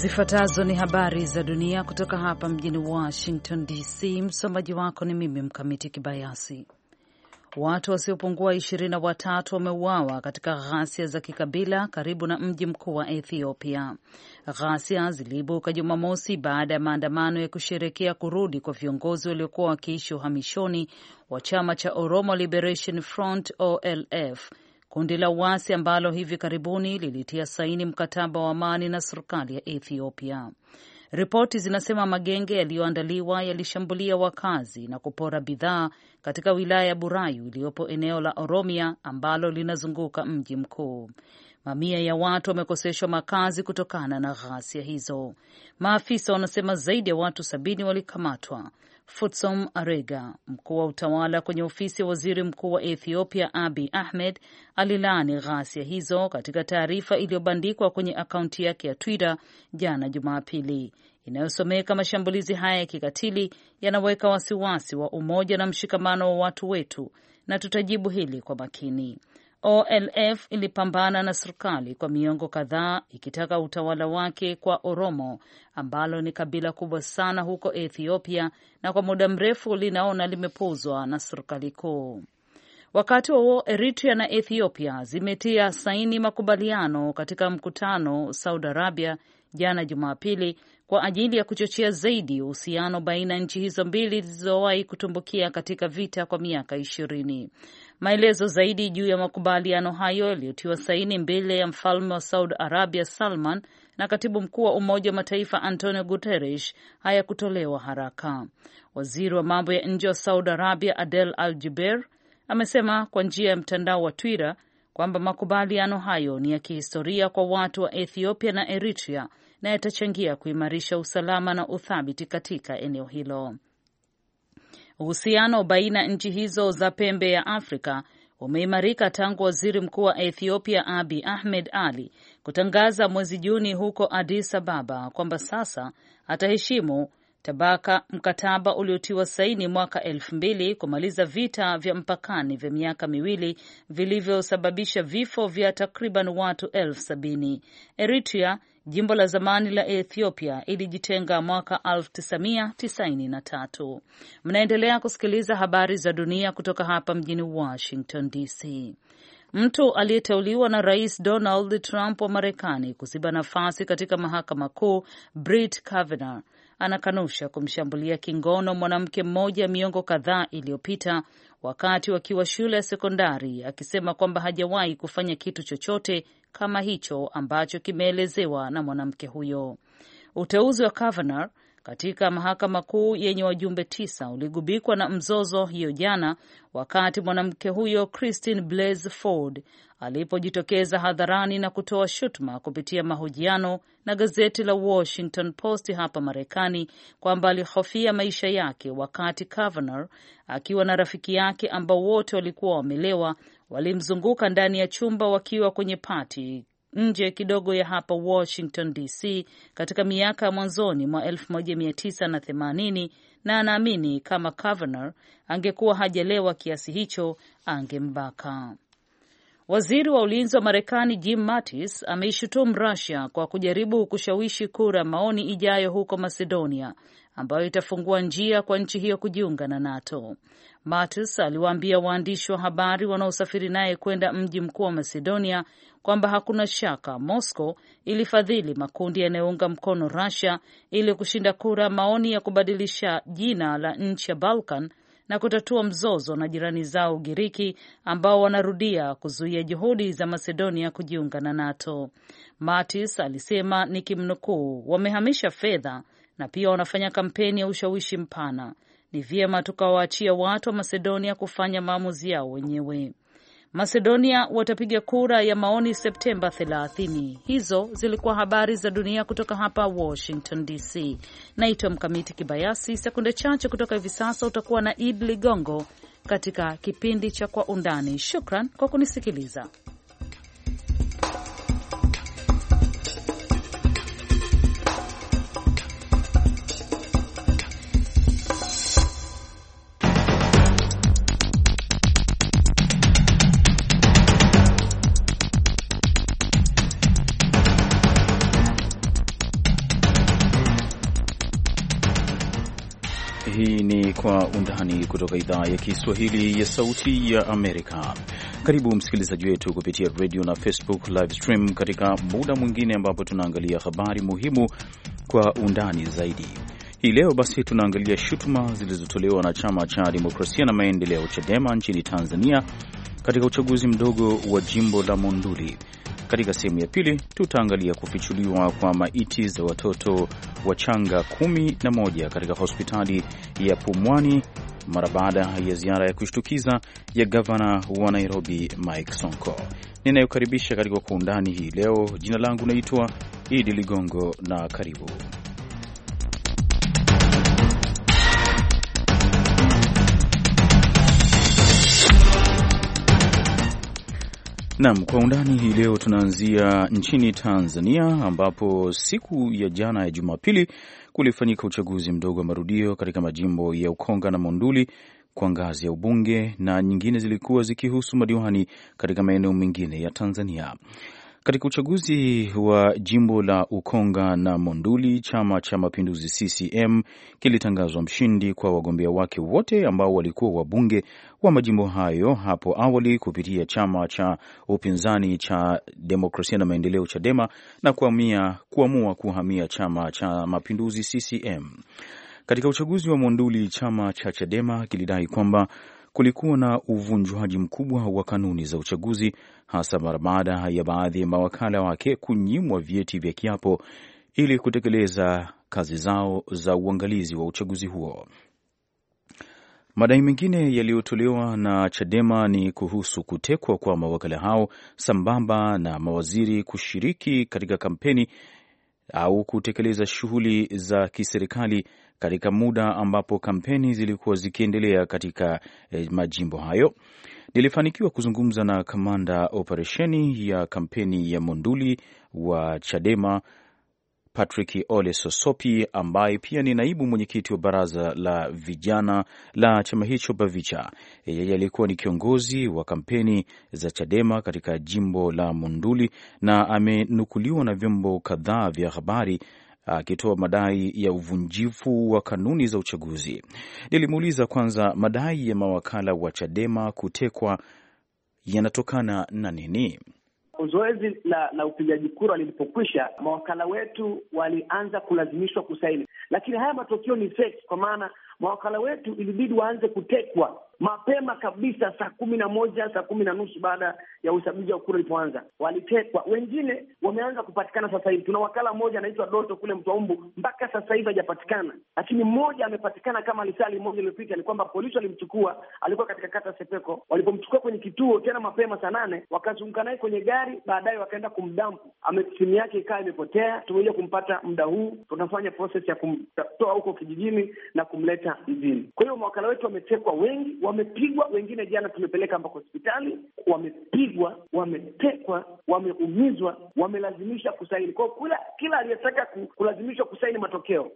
Zifuatazo ni habari za dunia kutoka hapa mjini Washington DC. Msomaji wako ni mimi Mkamiti Kibayasi. Watu wasiopungua ishirini na watatu wameuawa katika ghasia za kikabila karibu na mji mkuu wa Ethiopia. Ghasia ziliibuka Jumamosi baada ya maandamano ya kusherekea kurudi kwa viongozi waliokuwa wakiishi uhamishoni wa chama cha Oromo Liberation Front OLF kundi la uasi ambalo hivi karibuni lilitia saini mkataba wa amani na serikali ya Ethiopia. Ripoti zinasema magenge yaliyoandaliwa yalishambulia wakazi na kupora bidhaa katika wilaya ya Burayu iliyopo eneo la Oromia ambalo linazunguka mji mkuu. Mamia ya watu wamekoseshwa makazi kutokana na ghasia hizo. Maafisa wanasema zaidi ya watu sabini walikamatwa. Futsom Arega, mkuu wa utawala kwenye ofisi ya waziri mkuu wa Ethiopia abi Ahmed, alilaani ghasia hizo katika taarifa iliyobandikwa kwenye akaunti yake ya Twitter jana Jumapili inayosomeka mashambulizi haya ya kikatili yanaweka wasiwasi wa umoja na mshikamano wa watu wetu na tutajibu hili kwa makini. OLF ilipambana na serikali kwa miongo kadhaa ikitaka utawala wake kwa Oromo ambalo ni kabila kubwa sana huko Ethiopia na kwa muda mrefu linaona limepuuzwa na serikali kuu. Wakati huo Eritrea na Ethiopia zimetia saini makubaliano katika mkutano Saudi Arabia jana Jumapili kwa ajili ya kuchochea zaidi uhusiano baina ya nchi hizo mbili zilizowahi kutumbukia katika vita kwa miaka ishirini. Maelezo zaidi juu ya makubaliano hayo yaliyotiwa saini mbele ya mfalme wa Saudi Arabia Salman na katibu mkuu wa Umoja wa Mataifa Antonio Guterres hayakutolewa haraka. Waziri wa mambo ya nje wa Saudi Arabia Adel Al Jubeir amesema kwa njia ya mtandao wa Twitter kwamba makubaliano hayo ni ya kihistoria kwa watu wa Ethiopia na Eritrea na yatachangia kuimarisha usalama na uthabiti katika eneo hilo. Uhusiano baina ya nchi hizo za pembe ya Afrika umeimarika tangu waziri mkuu wa Ethiopia Abi Ahmed Ali kutangaza mwezi Juni huko Addis Ababa kwamba sasa ataheshimu tabaka mkataba uliotiwa saini mwaka elfu mbili kumaliza vita vya mpakani vya miaka miwili vilivyosababisha vifo vya takriban watu elfu sabini. Eritrea Jimbo la zamani la Ethiopia ilijitenga mwaka 1993. Mnaendelea kusikiliza habari za dunia kutoka hapa mjini Washington DC. Mtu aliyeteuliwa na Rais Donald Trump wa Marekani kuziba nafasi katika mahakama kuu Brett Kavanaugh anakanusha kumshambulia kingono mwanamke mmoja miongo kadhaa iliyopita wakati wakiwa shule ya sekondari akisema kwamba hajawahi kufanya kitu chochote kama hicho ambacho kimeelezewa na mwanamke huyo. Uteuzi wa Kavanaugh katika mahakama kuu yenye wajumbe tisa uligubikwa na mzozo hiyo jana, wakati mwanamke huyo Christine Blasey Ford alipojitokeza hadharani na kutoa shutuma kupitia mahojiano na gazeti la Washington Post hapa Marekani kwamba alihofia maisha yake wakati Kavanaugh akiwa na rafiki yake ambao wote walikuwa wamelewa walimzunguka ndani ya chumba wakiwa kwenye pati nje kidogo ya hapa Washington DC katika miaka ya mwanzoni mwa 1980 na anaamini kama Kavanaugh angekuwa hajalewa kiasi hicho angembaka. Waziri wa ulinzi wa Marekani Jim Mattis ameishutumu Russia kwa kujaribu kushawishi kura maoni ijayo huko Macedonia ambayo itafungua njia kwa nchi hiyo kujiunga na NATO. Mattis aliwaambia waandishi wa habari wanaosafiri naye kwenda mji mkuu wa Macedonia kwamba hakuna shaka Moscow ilifadhili makundi yanayounga mkono Russia ili kushinda kura maoni ya kubadilisha jina la nchi ya Balkan na kutatua mzozo na jirani zao Ugiriki ambao wanarudia kuzuia juhudi za Macedonia kujiunga na NATO. matis alisema nikimnukuu, wamehamisha fedha na pia wanafanya kampeni ya ushawishi mpana. Ni vyema tukawaachia watu wa Masedonia kufanya maamuzi yao wenyewe. Masedonia watapiga kura ya maoni Septemba 30. Hizo zilikuwa habari za dunia kutoka hapa Washington DC. Naitwa Mkamiti Kibayasi. Sekunde chache kutoka hivi sasa utakuwa na Ibli Ligongo katika kipindi cha Kwa Undani. Shukran kwa kunisikiliza. Undani kutoka idhaa ya Kiswahili ya Sauti ya Amerika. Karibu msikilizaji wetu kupitia radio na Facebook live stream katika muda mwingine ambapo tunaangalia habari muhimu kwa undani zaidi. Hii leo basi tunaangalia shutuma zilizotolewa na chama cha demokrasia na maendeleo CHADEMA nchini Tanzania katika uchaguzi mdogo wa jimbo la Monduli katika sehemu ya pili tutaangalia kufichuliwa kwa maiti za watoto wachanga kumi na moja katika hospitali ya Pumwani mara baada ya ziara ya kushtukiza ya gavana wa Nairobi Mike Sonko. Ninayokaribisha katika kwa undani hii leo, jina langu naitwa Idi Ligongo na karibu Naam, kwa undani hii leo tunaanzia nchini Tanzania ambapo siku ya jana ya Jumapili kulifanyika uchaguzi mdogo wa marudio katika majimbo ya Ukonga na Monduli kwa ngazi ya ubunge na nyingine zilikuwa zikihusu madiwani katika maeneo mengine ya Tanzania. Katika uchaguzi wa jimbo la Ukonga na Monduli, chama cha mapinduzi CCM kilitangazwa mshindi kwa wagombea wake wote ambao walikuwa wabunge wa majimbo hayo hapo awali kupitia chama cha upinzani cha demokrasia na maendeleo Chadema na kuhamia, kuamua kuhamia chama cha mapinduzi CCM. Katika uchaguzi wa Monduli, chama cha Chadema kilidai kwamba kulikuwa na uvunjwaji mkubwa wa kanuni za uchaguzi, hasa mara baada ya baadhi ya mawakala wake kunyimwa vyeti vya kiapo ili kutekeleza kazi zao za uangalizi wa uchaguzi huo. Madai mengine yaliyotolewa na Chadema ni kuhusu kutekwa kwa mawakala hao sambamba na mawaziri kushiriki katika kampeni au kutekeleza shughuli za kiserikali katika muda ambapo kampeni zilikuwa zikiendelea katika eh, majimbo hayo. Nilifanikiwa kuzungumza na kamanda operesheni ya kampeni ya Monduli wa Chadema Patrick Ole Sosopi ambaye pia ni naibu mwenyekiti wa baraza la vijana la chama hicho Bavicha. Yeye alikuwa ni kiongozi wa kampeni za Chadema katika jimbo la Monduli na amenukuliwa na vyombo kadhaa vya habari akitoa madai ya uvunjifu wa kanuni za uchaguzi. Nilimuuliza kwanza, madai ya mawakala wa Chadema kutekwa yanatokana na nini? Zoezi la la upigaji kura lilipokwisha, mawakala wetu walianza kulazimishwa kusaini, lakini haya matokeo ni kwa maana mawakala wetu ilibidi waanze kutekwa mapema kabisa, saa kumi na moja saa kumi na nusu baada ya usabiji wa kura ilipoanza, walitekwa. Wengine wameanza kupatikana sasa hivi. Tuna wakala mmoja anaitwa Doto kule Mtwaumbu, mpaka sasa hivi hajapatikana, lakini mmoja amepatikana kama lisali moja iliyopita. Ni kwamba polisi walimchukua, alikuwa katika kata Sepeko. Walipomchukua kwenye kituo tena mapema saa nane, wakazunguka naye kwenye gari, baadaye wakaenda kumdampu. Simu yake ikawa imepotea, tumekuja kumpata muda huu, tunafanya proses ya kumtoa huko kijijini na kumleta mjini. Kwa hiyo mawakala wetu wametekwa wengi wa wamepigwa, wengine jana tumepeleka mpaka hospitali, wamepigwa, wametekwa, wameumizwa, wamelazimisha kusaini kwao. Kila, kila aliyetaka kulazimishwa kusaini matokeo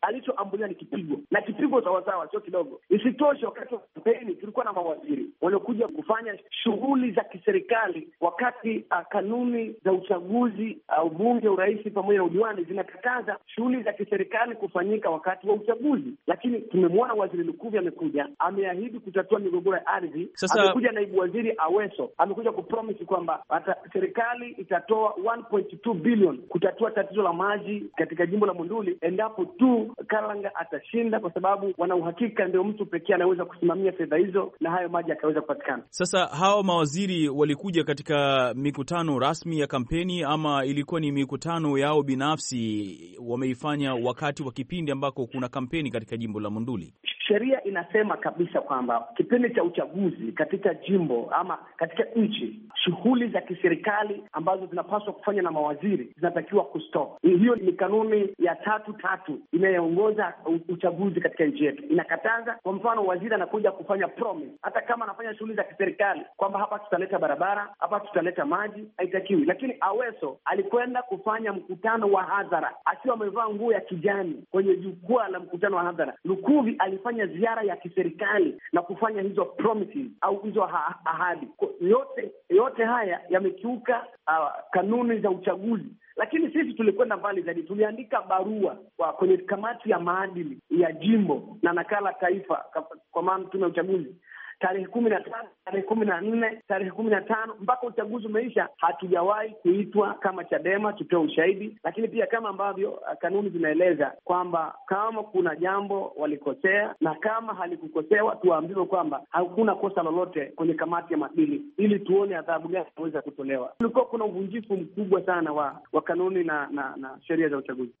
alichoambulia ni kipigo, na kipigo sawasawa, sio kidogo. Isitoshe, wakati wa kampeni tulikuwa na mawaziri waliokuja kufanya shughuli za kiserikali wakati a, ah, kanuni za uchaguzi, ah, ubunge, urais pamoja na udiwani zinakataza shughuli za kiserikali kufanyika wakati wa uchaguzi, lakini tumemwona Waziri Lukuvi amekuja ameahidi kutatua migogoro ya ardhi. Sasa amekuja naibu waziri Aweso amekuja kupromisi kwamba serikali itatoa 1.2 kutatua tatizo la maji katika jimbo la Monduli endapo tu Karanga atashinda, kwa sababu wana uhakika ndio mtu pekee anaweza kusimamia fedha hizo na hayo maji akaweza kupatikana. Sasa hawa mawaziri walikuja katika mikutano rasmi ya kampeni ama ilikuwa ni mikutano yao binafsi wameifanya wakati wa kipindi ambako kuna kampeni katika jimbo la Monduli? Sheria inasema kabisa kwamba kipindi cha uchaguzi katika jimbo ama katika nchi, shughuli za kiserikali ambazo zinapaswa kufanya na mawaziri zinatakiwa kustop. Hiyo ni kanuni ya tatu tatu inayoongoza uchaguzi katika nchi yetu, inakataza. Kwa mfano, waziri anakuja kufanya promise, hata kama anafanya shughuli za kiserikali kwamba hapa tutaleta barabara, hapa tutaleta maji, haitakiwi. Lakini Aweso alikwenda kufanya mkutano wa hadhara akiwa amevaa nguo ya kijani kwenye jukwaa la mkutano wa hadhara. Lukuvi alifanya kufanya ziara ya kiserikali na kufanya hizo promises au hizo ahadi. Yote yote haya yamekiuka uh, kanuni za uchaguzi. Lakini sisi tulikwenda mbali zaidi, tuliandika barua kwa kwenye kamati ya maadili ya jimbo na nakala taifa, kwa maana tume ya uchaguzi tarehe kumi na tano tarehe kumi na nne tarehe kumi na tano mpaka uchaguzi umeisha, hatujawahi kuitwa kama Chadema tutoe ushahidi. Lakini pia kama ambavyo uh, kanuni zinaeleza kwamba kama kuna jambo walikosea na kama halikukosewa, tuwaambiwe kwamba hakuna kosa lolote kwenye kamati ya maadili, ili tuone adhabu gani inaweza kutolewa. Kulikuwa kuna uvunjifu mkubwa sana wa, wa kanuni na, na, na sheria za uchaguzi.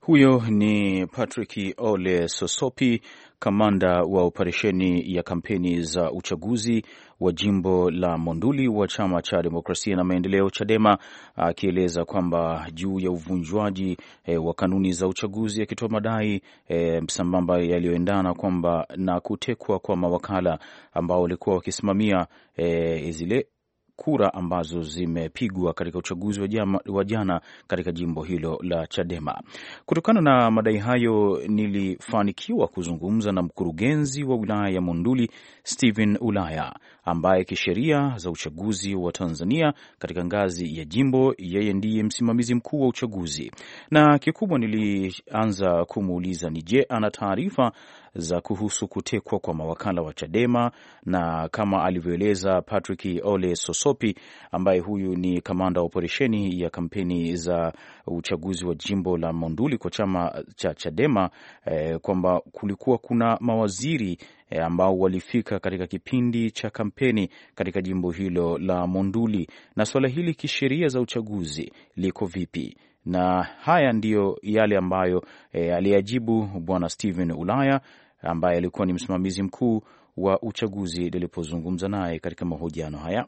Huyo ni Patrick Ole Sosopi kamanda wa operesheni ya kampeni za uchaguzi wa jimbo la Monduli wa chama cha demokrasia na maendeleo Chadema akieleza kwamba juu ya uvunjwaji e, wa kanuni za uchaguzi akitoa madai e, sambamba yaliyoendana kwamba na kutekwa kwa mawakala ambao walikuwa wakisimamia e, zile kura ambazo zimepigwa katika uchaguzi wa jana katika jimbo hilo la Chadema. Kutokana na madai hayo, nilifanikiwa kuzungumza na mkurugenzi wa wilaya ya Monduli Stephen Ulaya, ambaye kisheria za uchaguzi wa Tanzania katika ngazi ya jimbo, yeye ndiye msimamizi mkuu wa uchaguzi, na kikubwa nilianza kumuuliza ni je, ana taarifa za kuhusu kutekwa kwa mawakala wa Chadema, na kama alivyoeleza Patrick Ole Sosopi ambaye huyu ni kamanda wa operesheni ya kampeni za uchaguzi wa jimbo la Monduli kwa chama cha Chadema eh, kwamba kulikuwa kuna mawaziri eh, ambao walifika katika kipindi cha kampeni katika jimbo hilo la Monduli. Na suala hili kisheria za uchaguzi liko vipi? Na haya ndiyo yale ambayo e, aliyajibu Bwana Steven Ulaya ambaye alikuwa ni msimamizi mkuu wa uchaguzi nilipozungumza naye katika mahojiano haya.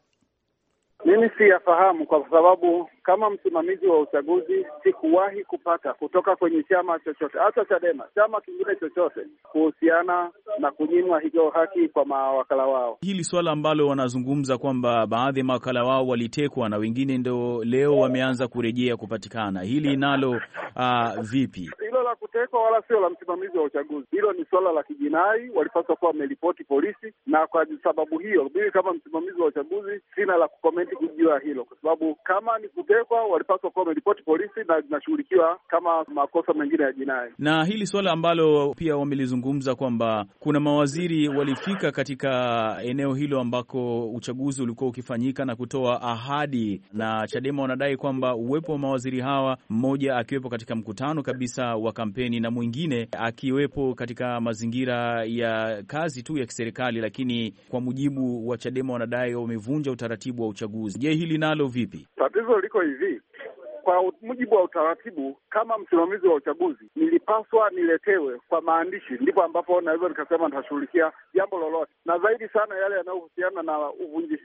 Mimi siyafahamu kwa sababu kama msimamizi wa uchaguzi sikuwahi kupata kutoka kwenye chama chochote, hata Chadema, chama kingine chochote, kuhusiana na kunyimwa hiyo haki kwa mawakala wao. Hili swala ambalo wanazungumza kwamba baadhi ya mawakala wao walitekwa na wengine ndo leo wameanza kurejea kupatikana, hili nalo uh, vipi? Hilo la kutekwa wala sio la msimamizi wa uchaguzi, hilo ni swala la kijinai, walipaswa kuwa wameripoti polisi, na kwa sababu hiyo mimi kama msimamizi wa uchaguzi sina la kukomenti kujua hilo, kwa sababu kama ni kute waliobebwa walipaswa kuwa wameripoti polisi na zinashughulikiwa kama makosa mengine ya jinai. Na hili suala ambalo pia wamelizungumza kwamba kuna mawaziri walifika katika eneo hilo ambako uchaguzi ulikuwa ukifanyika na kutoa ahadi, na Chadema wanadai kwamba uwepo wa mawaziri hawa, mmoja akiwepo katika mkutano kabisa wa kampeni na mwingine akiwepo katika mazingira ya kazi tu ya kiserikali, lakini kwa mujibu wa Chadema wanadai wamevunja utaratibu wa uchaguzi. Je, hili nalo vipi? Tatizo liko hivi Kwa mujibu wa utaratibu, kama msimamizi wa uchaguzi, nilipaswa niletewe kwa maandishi, ndipo ambapo naweza nikasema nitashughulikia jambo lolote, na zaidi sana yale yanayohusiana na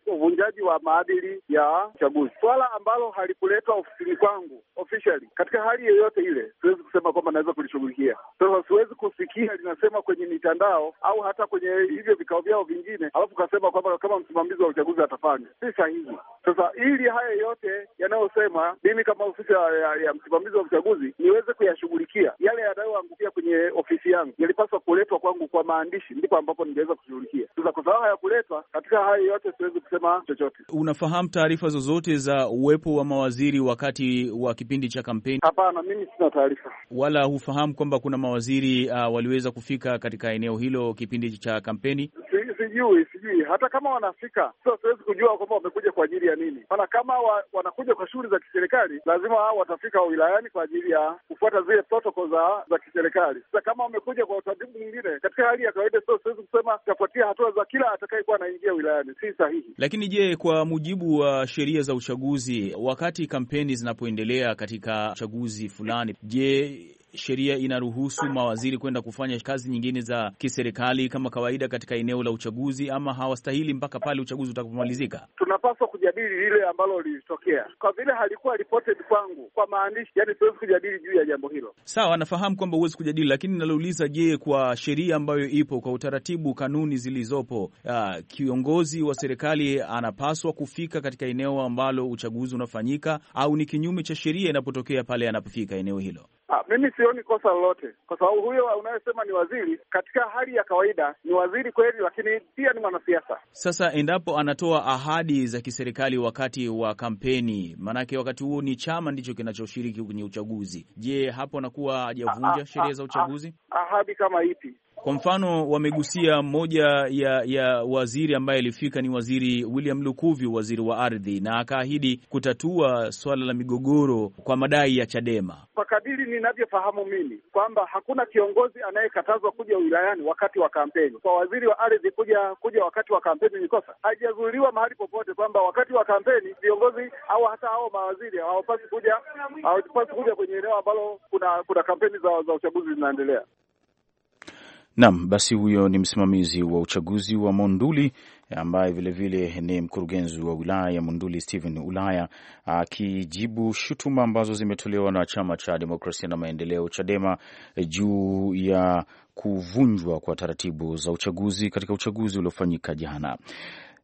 uvunjaji wa maadili ya uchaguzi, swala ambalo halikuletwa ofisini kwangu officially. Katika hali yoyote ile, siwezi kusema kwamba naweza kulishughulikia. Sasa siwezi kusikia linasema kwenye mitandao au hata kwenye hivyo vikao vyao vingine, alafu ukasema kwamba kama msimamizi wa uchaguzi atafanya, si sahihi. Sasa ili haya yote yanayosema, mimi kama ofisi ya, ya msimamizi wa uchaguzi niweze kuyashughulikia. Yale yanayoangukia kwenye ofisi yangu yalipaswa kuletwa kwangu kwa maandishi, ndipo ambapo ningeweza kushughulikia. Sasa kwa sababu hayakuletwa, katika hayo yote siwezi kusema chochote. Unafahamu taarifa zozote za uwepo wa mawaziri wakati wa kipindi cha kampeni? Hapana, mimi sina taarifa. Wala hufahamu kwamba kuna mawaziri uh, waliweza kufika katika eneo hilo kipindi cha kampeni? Sijui, sijui hata kama wanafika, sio siwezi kujua kwamba wamekuja kwa ajili ya nini, maana kama wa, wanakuja kwa shughuli za kiserikali lazima hao watafika wilayani kwa ajili ya kufuata zile protokol za za kiserikali. Sasa kama wamekuja kwa utaratibu mwingine, katika hali ya kawaida, sio siwezi kusema tafuatia hatua za kila atakayekuwa anaingia wilayani, si sahihi. Lakini je, kwa mujibu wa sheria za uchaguzi, wakati kampeni zinapoendelea katika uchaguzi fulani, je sheria inaruhusu mawaziri kwenda kufanya kazi nyingine za kiserikali kama kawaida katika eneo la uchaguzi, ama hawastahili mpaka pale uchaguzi utakapomalizika? Tunapaswa kujadili lile ambalo lilitokea, kwa vile halikuwa reported kwangu kwa maandishi, yani siwezi kujadili juu ya jambo hilo. Sawa, nafahamu kwamba huwezi kujadili, lakini nalouliza, je, kwa sheria ambayo ipo, kwa utaratibu, kanuni zilizopo, uh, kiongozi wa serikali anapaswa kufika katika eneo ambalo uchaguzi unafanyika, au ni kinyume cha sheria inapotokea pale anapofika eneo hilo? Ha, ah, mimi sioni kosa lolote kwa sababu huyo unayesema ni waziri, katika hali ya kawaida ni waziri kweli, lakini pia ni mwanasiasa. Sasa endapo anatoa ahadi za kiserikali wakati wa kampeni, maanake wakati huo ni chama ndicho kinachoshiriki kwenye uchaguzi, je, hapo anakuwa hajavunja ah, ah, sheria za uchaguzi? Ahadi kama ipi? Kwa mfano wamegusia moja ya, ya waziri ambaye alifika ni waziri William Lukuvi, waziri wa ardhi, na akaahidi kutatua swala la migogoro kwa madai ya Chadema. Kwa kadiri ninavyofahamu mimi kwamba hakuna kiongozi anayekatazwa kuja wilayani wakati wa kampeni. Kwa waziri wa ardhi kuja kuja wakati wa kampeni ni kosa, haijazuiliwa mahali popote kwamba wakati wa kampeni viongozi au hata hao mawaziri hawapasi kuja, hawapasi kuja kwenye eneo ambalo kuna kuna kampeni za, za uchaguzi zinaendelea. Naam, basi huyo ni msimamizi wa uchaguzi wa Monduli ambaye vilevile ni mkurugenzi wa wilaya ya Monduli stehen Ulaya akijibu shutuma ambazo zimetolewa na chama cha demokrasia na maendeleo Chadema juu ya kuvunjwa kwa taratibu za uchaguzi katika uchaguzi uliofanyika jana.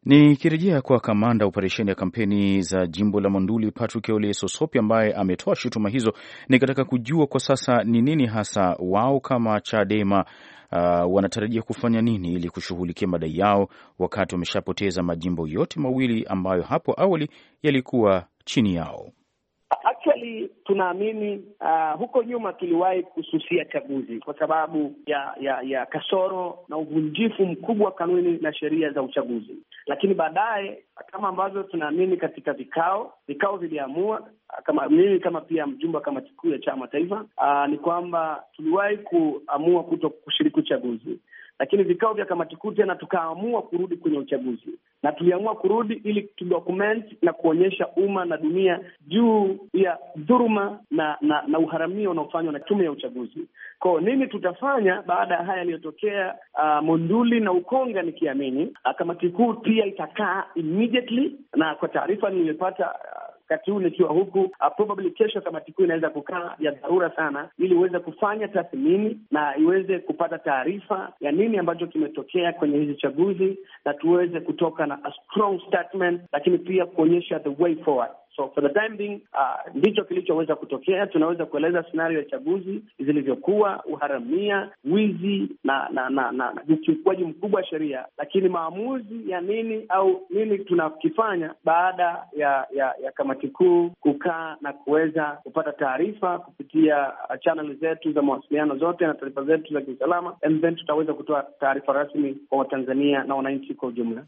Nikirejea kwa kamanda operesheni ya kampeni za jimbo la Monduli Patrick Ole Sosopi ambaye ametoa shutuma hizo, nikataka kujua kwa sasa ni nini hasa wao kama Chadema uh, wanatarajia kufanya nini ili kushughulikia madai yao wakati wameshapoteza majimbo yote mawili ambayo hapo awali yalikuwa chini yao. Actually tunaamini uh, huko nyuma tuliwahi kususia chaguzi kwa sababu ya ya ya kasoro na uvunjifu mkubwa wa kanuni na sheria za uchaguzi, lakini baadaye kama ambavyo tunaamini katika vikao vikao viliamua uh, kama mimi kama pia mjumbe kama kikuu ya chama taifa uh, ni kwamba tuliwahi kuamua kuto kushiriki uchaguzi, lakini vikao vya kamati kuu tena tukaamua kurudi kwenye uchaguzi, na tuliamua kurudi ili tudokument na kuonyesha umma na dunia juu ya dhuruma na na, na uharamia unaofanywa na tume ya uchaguzi. Kwa nini tutafanya baada ya haya yaliyotokea uh, Monduli na Ukonga, nikiamini ah, kamati kuu pia itakaa immediately, na kwa taarifa niliyopata uh, wakati huu nikiwa huku, uh, probably kesho kamati kuu inaweza kukaa ya dharura sana, ili uweze kufanya tathmini na iweze kupata taarifa ya nini ambacho kimetokea kwenye hizi chaguzi, na tuweze kutoka na a strong statement, lakini pia kuonyesha the way forward. So for the time being, uh, ndicho kilichoweza kutokea. Tunaweza kueleza scenario ya chaguzi zilivyokuwa, uharamia, wizi na na na na ukiukwaji mkubwa wa sheria, lakini maamuzi ya nini au nini tunakifanya baada ya ya, ya kamati kuu kukaa na kuweza kupata taarifa kupitia uh, channel zetu za mawasiliano zote na taarifa zetu za kiusalama, and then tutaweza kutoa taarifa rasmi kwa Watanzania na wananchi kwa ujumla.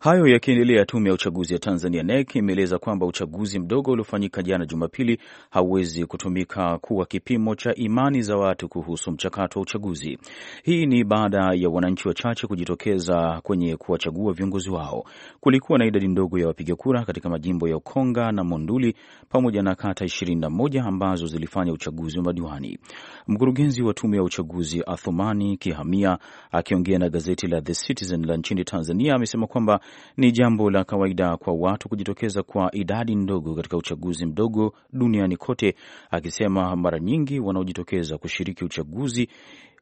Hayo yakiendelea, tume ya uchaguzi ya Tanzania NEC imeeleza kwamba uchaguzi uchaguzi mdogo uliofanyika jana Jumapili hauwezi kutumika kuwa kipimo cha imani za watu kuhusu mchakato wa uchaguzi. Hii ni baada ya wananchi wachache kujitokeza kwenye kuwachagua viongozi wao. Kulikuwa na idadi ndogo ya wapiga kura katika majimbo ya Ukonga na Monduli pamoja na kata 21 ambazo zilifanya uchaguzi wa madiwani. Mkurugenzi wa tume ya uchaguzi Athumani Kihamia akiongea na gazeti la The Citizen la nchini Tanzania amesema kwamba ni jambo la kawaida kwa watu kujitokeza kwa idadi ndogo kidogo katika uchaguzi mdogo duniani kote, akisema mara nyingi wanaojitokeza kushiriki uchaguzi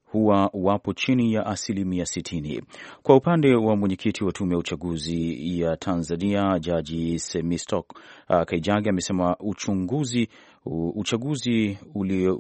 huwa wapo chini ya asilimia sitini. Kwa upande wa mwenyekiti wa tume ya uchaguzi ya Tanzania, Jaji Semistok uh, kaijage amesema uchunguzi uchaguzi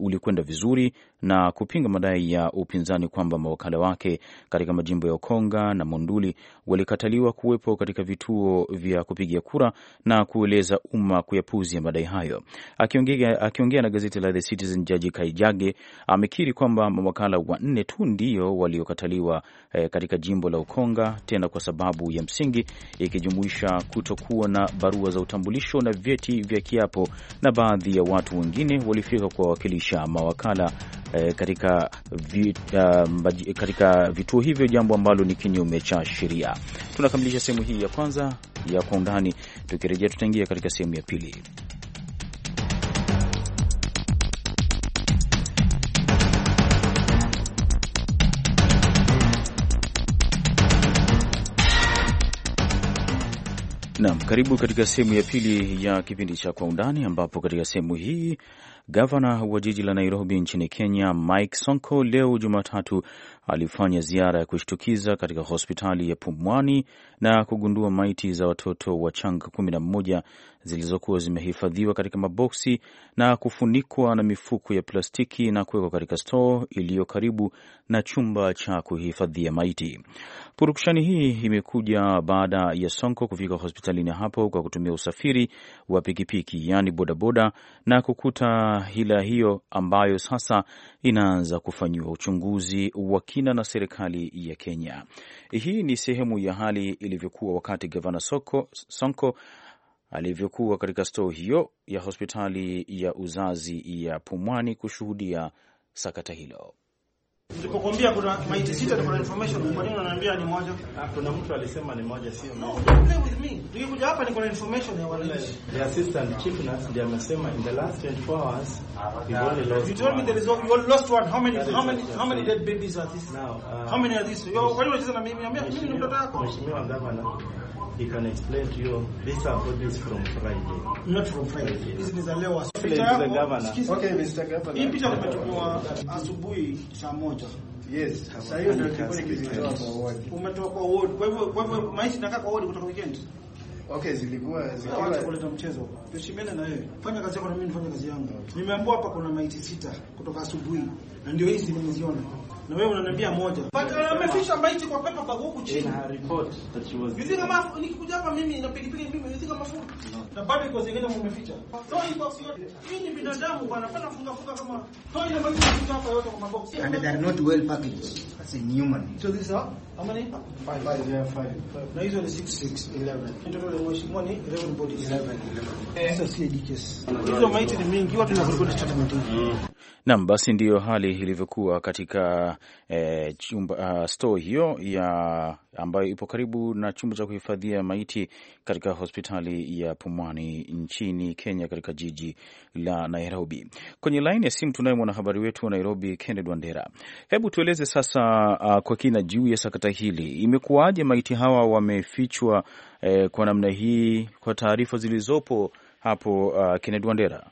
ulikwenda vizuri na kupinga madai ya upinzani kwamba mawakala wake katika majimbo ya Ukonga na Monduli walikataliwa kuwepo katika vituo vya kupigia kura na kueleza umma kuyapuzia madai hayo. Akiongea, akiongea na gazeti la The Citizen, Jaji Kaijage amekiri kwamba mawakala wanne tu ndio waliokataliwa eh, katika jimbo la Ukonga, tena kwa sababu ya msingi ikijumuisha kutokuwa na barua za utambulisho na vyeti vya kiapo, na baadhi ya watu wengine walifika kuwawakilisha mawakala Eh, katika, vita, eh, katika vituo hivyo, jambo ambalo ni kinyume cha sheria. Tunakamilisha sehemu hii ya kwanza ya kwa undani. Tukirejea tutaingia katika sehemu ya pili. Naam, karibu katika sehemu ya pili ya kipindi cha Kwa Undani, ambapo katika sehemu hii Gavana wa jiji la Nairobi nchini Kenya Mike Sonko leo Jumatatu alifanya ziara ya kushtukiza katika hospitali ya Pumwani na kugundua maiti za watoto changa kumi na mmoja zilizokuwa zimehifadhiwa katika maboksi na kufunikwa na mifuko ya plastiki na kuwekwa katika stoo iliyo karibu na chumba cha kuhifadhia maiti. Purukushani hii imekuja baada ya Sonko kufika hospitalini hapo kwa kutumia usafiri wa pikipiki, yaani bodaboda, na kukuta hila hiyo ambayo sasa inaanza kufanyiwa uchunguzi wa kina na serikali ya Kenya. Hii ni sehemu ya hali ilivyokuwa wakati gavana Sonko, Sonko alivyokuwa katika stoo hiyo ya hospitali ya uzazi ya Pumwani kushuhudia sakata hilo. Nilipokuambia kuna maiti sita na kuna information kwa nini unaniambia ni moja? Ah, kuna mtu alisema ni moja sio moja. No, play with me. Tukikuja hapa niko na information ya wananchi. The assistant chief nurse ndiye amesema in the last 24 hours we only lost. You told me there is you lost one. How many how many how many dead babies are this? Now, uh, how many are this? Yo, kwa unacheza na mimi? Mimi ni mtoto wako. Mheshimiwa Gavana. he can explain to you this are orders from Friday. Not from Friday. Hizi ni za leo asubuhi. Okay, Mr. Governor. Hii picha tumetoka asubuhi saa moja. Yes. Sasa hiyo ndio kilikuwa kizitoa kwa ward. Umetoka kwa ward. Kwa hivyo kwa hivyo maisha kwa ward kutoka weekend. Okay, zilikuwa zikiwa kuleta mchezo. Tushimene na wewe. Fanya kazi yako na mimi nifanye kazi yangu. Nimeambiwa hapa kuna maiti sita kutoka asubuhi na ndio hizi nimeziona na wewe unaniambia moja, but uh, maiti kwa pepa kwa huku chini. Ina report that she was hizi kama nikikuja hapa mimi na pikipiki mimi hizi kama fungu na bado iko zingine umeficha. So box yote. hii ni binadamu bwana, fanya funga funga kama so ile maiti iko hapa yote kwa box and they are not well packaged as a human. So this are how many? Na hizo ni Ndio eh, eh. hizo maiti ni mingi, watu na statement. Mm. Naam, basi ndiyo hali ilivyokuwa katika e, chumba, uh, store hiyo ya ambayo ipo karibu na chumba cha kuhifadhia maiti katika hospitali ya Pumwani nchini Kenya, katika jiji la Nairobi. Kwenye laini ya simu tunaye mwanahabari wetu wa Nairobi, Kennedy Wandera. Hebu tueleze sasa, uh, kwa kina juu ya sakata hili, imekuwaje maiti hawa wamefichwa uh, kwa namna hii, kwa taarifa zilizopo hapo, uh, Kennedy Wandera?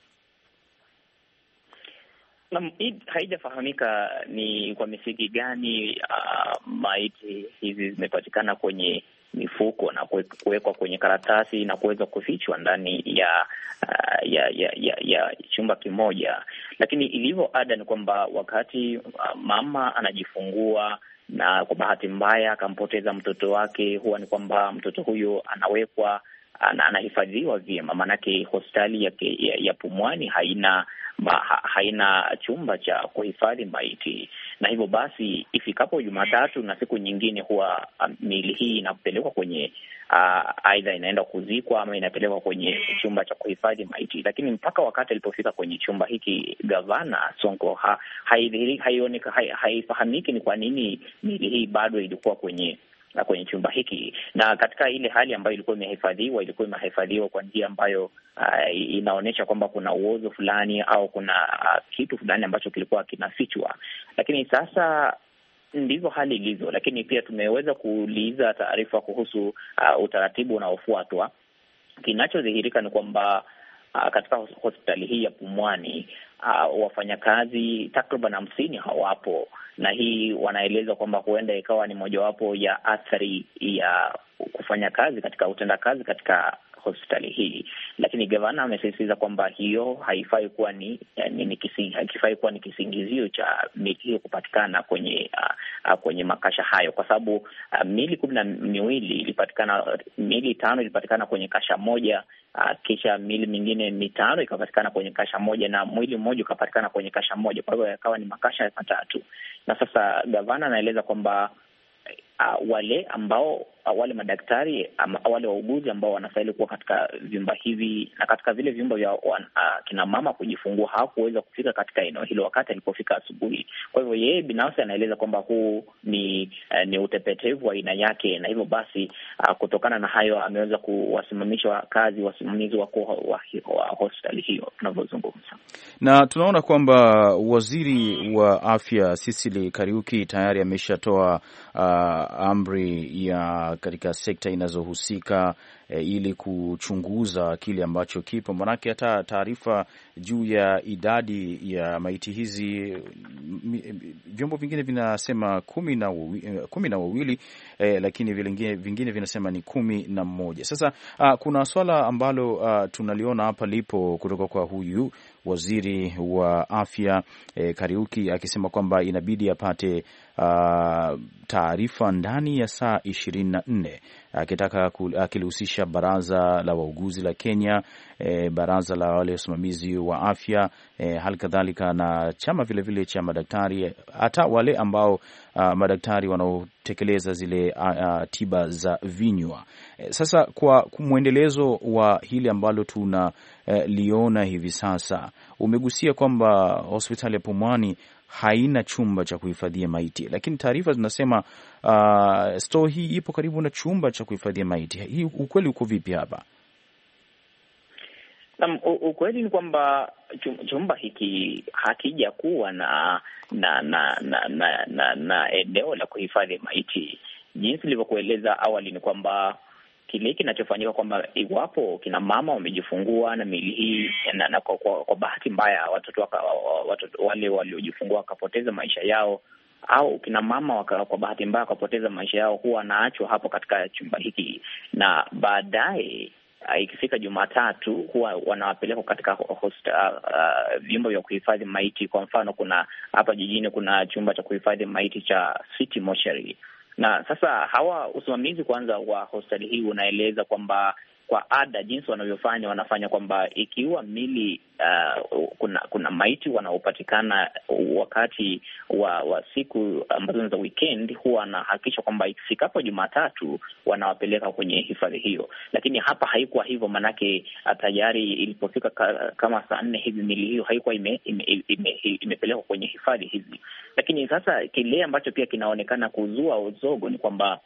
haijafahamika ni kwa misingi gani uh, maiti hizi zimepatikana kwenye mifuko na kuwekwa kwenye karatasi na kuweza kufichwa ndani ya, uh, ya, ya, ya, ya chumba kimoja, lakini ilivyo ada ni kwamba wakati uh, mama anajifungua na kwa bahati mbaya akampoteza mtoto wake, huwa ni kwamba mtoto huyo anawekwa Ah, anahifadhiwa vyema, maanake hospitali ya, ya, ya Pumwani haina ma, ha, haina chumba cha kuhifadhi maiti, na hivyo basi ifikapo Jumatatu na siku nyingine huwa um, miili hii inapelekwa kwenye ah, aidha inaenda kuzikwa ama inapelekwa kwenye chumba cha kuhifadhi maiti. Lakini mpaka wakati alipofika kwenye chumba hiki, gavana Sonko ha, haifahamiki ni kwa nini miili hii bado ilikuwa kwenye kwenye chumba hiki, na katika ile hali ambayo ilikuwa imehifadhiwa, ilikuwa imehifadhiwa kwa njia ambayo uh, inaonyesha kwamba kuna uozo fulani au kuna uh, kitu fulani ambacho kilikuwa kinafichwa, lakini sasa ndivyo hali ilivyo. Lakini pia tumeweza kuuliza taarifa kuhusu uh, utaratibu unaofuatwa. Kinachodhihirika ni kwamba uh, katika hospitali hii ya Pumwani uh, wafanyakazi takriban hamsini hawapo, na hii wanaeleza kwamba huenda ikawa ni mojawapo ya athari ya kufanya kazi katika utendakazi katika hospitali hii, lakini gavana amesisitiza kwamba hiyo haifai kuwa ni, ni, ni kisi, haifai kuwa ni kisingizio cha mili hiyo kupatikana kwenye uh, kwenye makasha hayo, kwa sababu uh, mili kumi na miwili ilipatikana, mili tano ilipatikana kwenye kasha moja uh, kisha mili mingine mitano ikapatikana kwenye kasha moja na mwili mmoja ukapatikana kwenye kasha moja, kwa hivyo yakawa ni makasha matatu, na sasa gavana anaeleza kwamba Uh, wale ambao wale madaktari ama wale wauguzi ambao wanastahili kuwa katika vyumba hivi na katika vile vyumba vya ah, kina mama kujifungua hawakuweza kufika katika eneo hilo wakati alipofika asubuhi. Kwa hivyo yeye binafsi anaeleza kwamba huu ni eh, ni utepetevu wa aina yake, na hivyo basi uh, kutokana na hayo ameweza kuwasimamisha kazi wasimamizi wakuu wa, wa hospitali hiyo tunavyozungumza. Na tunaona kwamba waziri wa afya sisili Kariuki tayari ameshatoa uh, amri ya katika sekta inazohusika e, ili kuchunguza kile ambacho kipo, manake hata taarifa juu ya idadi ya maiti hizi vyombo vingine vinasema kumi na wawili, e, kumi na wawili e, lakini vingine vinasema ni kumi na mmoja. Sasa a, kuna swala ambalo a, tunaliona hapa lipo kutoka kwa huyu waziri wa afya e, Kariuki akisema kwamba inabidi apate uh, taarifa ndani ya saa ishirini na nne akitaka akilihusisha baraza la wauguzi la Kenya, e, baraza la wale wasimamizi wa afya e, hali kadhalika na chama vilevile vile cha madaktari, hata wale ambao a, uh, madaktari wanaotekeleza zile a, a, tiba za vinywa. E, sasa kwa mwendelezo wa hili ambalo tunaliona e, hivi sasa, umegusia kwamba hospitali ya Pumwani haina chumba cha kuhifadhia maiti, lakini taarifa zinasema uh, stoo hii ipo karibu na chumba cha kuhifadhia maiti. Hii ukweli uko vipi hapa? Um, ukweli ni kwamba chumba hiki hakija kuwa na na na na, na, na, na eneo la kuhifadhi maiti. Jinsi ilivyokueleza awali ni kwamba kile kinachofanyika kwamba iwapo kina mama wamejifungua na miili hii na, na kwa, kwa, kwa bahati mbaya watoto waka, watoto wale waliojifungua wakapoteza maisha yao au kina mama waka, kwa bahati mbaya wakapoteza maisha yao, huwa wanaachwa hapo katika chumba hiki na baadaye ah, ikifika Jumatatu huwa wanawapelekwa katika host, uh, ah, ah, vyumba vya kuhifadhi maiti. Kwa mfano, kuna hapa jijini kuna chumba cha kuhifadhi maiti cha City Mortuary na sasa hawa usimamizi kwanza wa hospitali hii unaeleza kwamba kwa ada jinsi wanavyofanya, wanafanya kwamba ikiwa mili uh, kuna kuna maiti wanaopatikana wakati wa, wa siku ambazo ni za weekend, huwa wanahakikisha kwamba ifikapo Jumatatu wanawapeleka kwenye hifadhi hiyo. Lakini hapa haikuwa hivyo, maanake uh, tayari ilipofika ka, kama saa nne hivi mili hiyo haikuwa imepelekwa ime, ime, ime, ime kwenye hifadhi hizi. Lakini sasa kile ambacho pia kinaonekana kuzua uzogo ni kwamba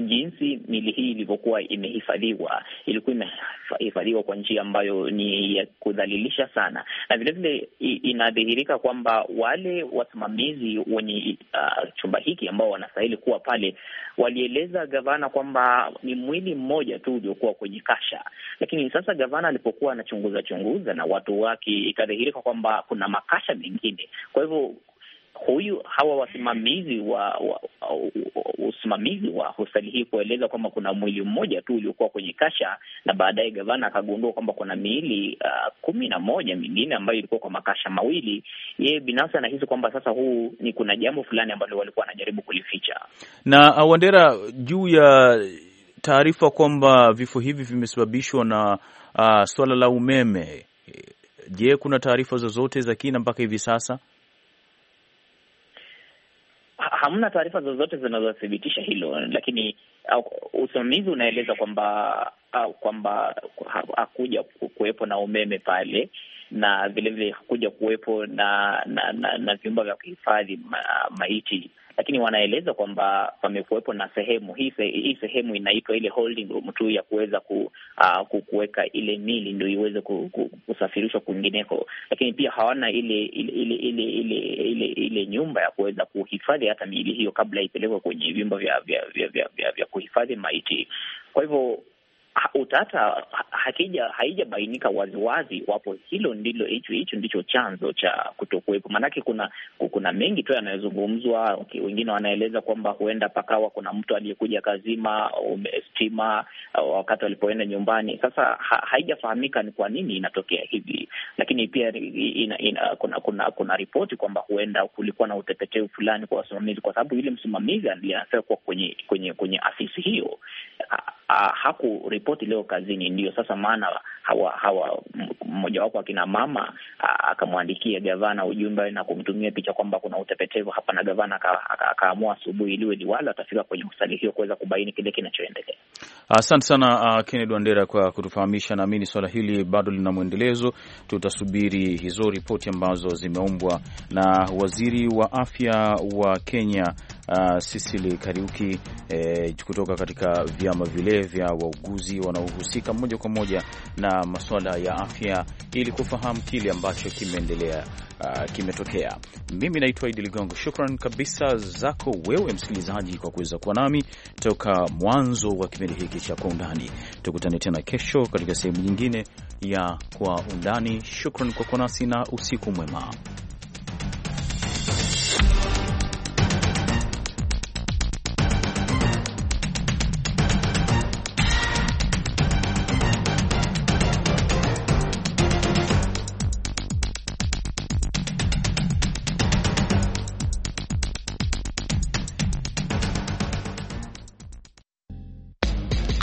jinsi mili hii ilivyokuwa imehifadhiwa, ilikuwa imehifadhiwa kwa njia ambayo ni ya kudhalilisha sana, na vilevile inadhihirika kwamba wale wasimamizi wenye uh, chumba hiki ambao wanastahili kuwa pale walieleza gavana kwamba ni mwili mmoja tu uliokuwa kwenye kasha, lakini sasa gavana alipokuwa anachunguza chunguza na watu wake, ikadhihirika kwamba kuna makasha mengine, kwa hivyo huyu hawa wasimamizi wa, wa, wa usimamizi wa hospitali hii kueleza kwamba kuna mwili mmoja tu uliokuwa kwenye kasha, na baadaye gavana akagundua kwamba kuna miili uh, kumi na moja mingine ambayo ilikuwa kwa makasha mawili. Yeye binafsi anahisi kwamba sasa huu ni kuna jambo fulani ambalo walikuwa wanajaribu kulificha. Na uh, Wandera, juu ya taarifa kwamba vifo hivi vimesababishwa na uh, swala la umeme, je, kuna taarifa zozote za kina mpaka hivi sasa? hamna taarifa zozote zinazothibitisha hilo, lakini uh, usimamizi unaeleza kwamba uh, kwamba hakuja kuwepo na umeme pale na vilevile hakuja kuwepo na na, na, na vyumba vya kuhifadhi ma, maiti lakini wanaeleza kwamba pamekuwepo na sehemu hii, hii sehemu inaitwa ile holding room tu ya kuweza ku, uh, kuweka ile mili ndio iweze ku, ku, kusafirishwa kwingineko, lakini pia hawana ile ile ile ile ile, ile, ile nyumba ya kuweza kuhifadhi hata miili hiyo kabla ipelekwe kwenye vyumba vya vya, vya, vya, vya, vya kuhifadhi maiti. Kwa hivyo utata hakija haijabainika waziwazi wapo hilo ndilo hicho hicho ndicho chanzo cha kutokuwepo. Maanake kuna kuna mengi tu yanayozungumzwa. Okay, wengine wanaeleza kwamba huenda pakawa kuna mtu aliyekuja kazima stima uh, wakati walipoenda nyumbani. Sasa ha, haijafahamika ni kwa nini inatokea hivi, lakini pia ina, ina, kuna kuna kuna ripoti kwamba huenda kulikuwa na utepeteu fulani kwa wasimamizi, kwa sababu yule msimamizi aliyekuwa kwenye kwenye kwenye afisi hiyo haku ripoti leo kazini. Ndio sasa maana hawa hawa mmojawapo akina mama akamwandikia gavana ujumbe na kumtumia picha kwamba kuna utepetevu hapa, na gavana akaamua asubuhi liwe liwalo, atafika kwenye hospitali hiyo kuweza kubaini kile kinachoendelea. Asante sana uh, Kennedy Wandera kwa kutufahamisha. Naamini swala hili bado lina mwendelezo, tutasubiri hizo ripoti ambazo zimeumbwa na waziri wa afya wa Kenya Ah, Sisili Kariuki eh, kutoka katika vyama vile vya wauguzi wanaohusika moja kwa moja na masuala ya afya ili kufahamu kile ambacho kimeendelea, uh, kimetokea. Mimi naitwa Idi Ligongo. Shukran kabisa zako wewe msikilizaji kwa kuweza kuwa nami toka mwanzo wa kipindi hiki cha Kwa Undani. Tukutane tena kesho katika sehemu nyingine ya Kwa Undani. Shukran kwa kuwa nasi na usiku mwema.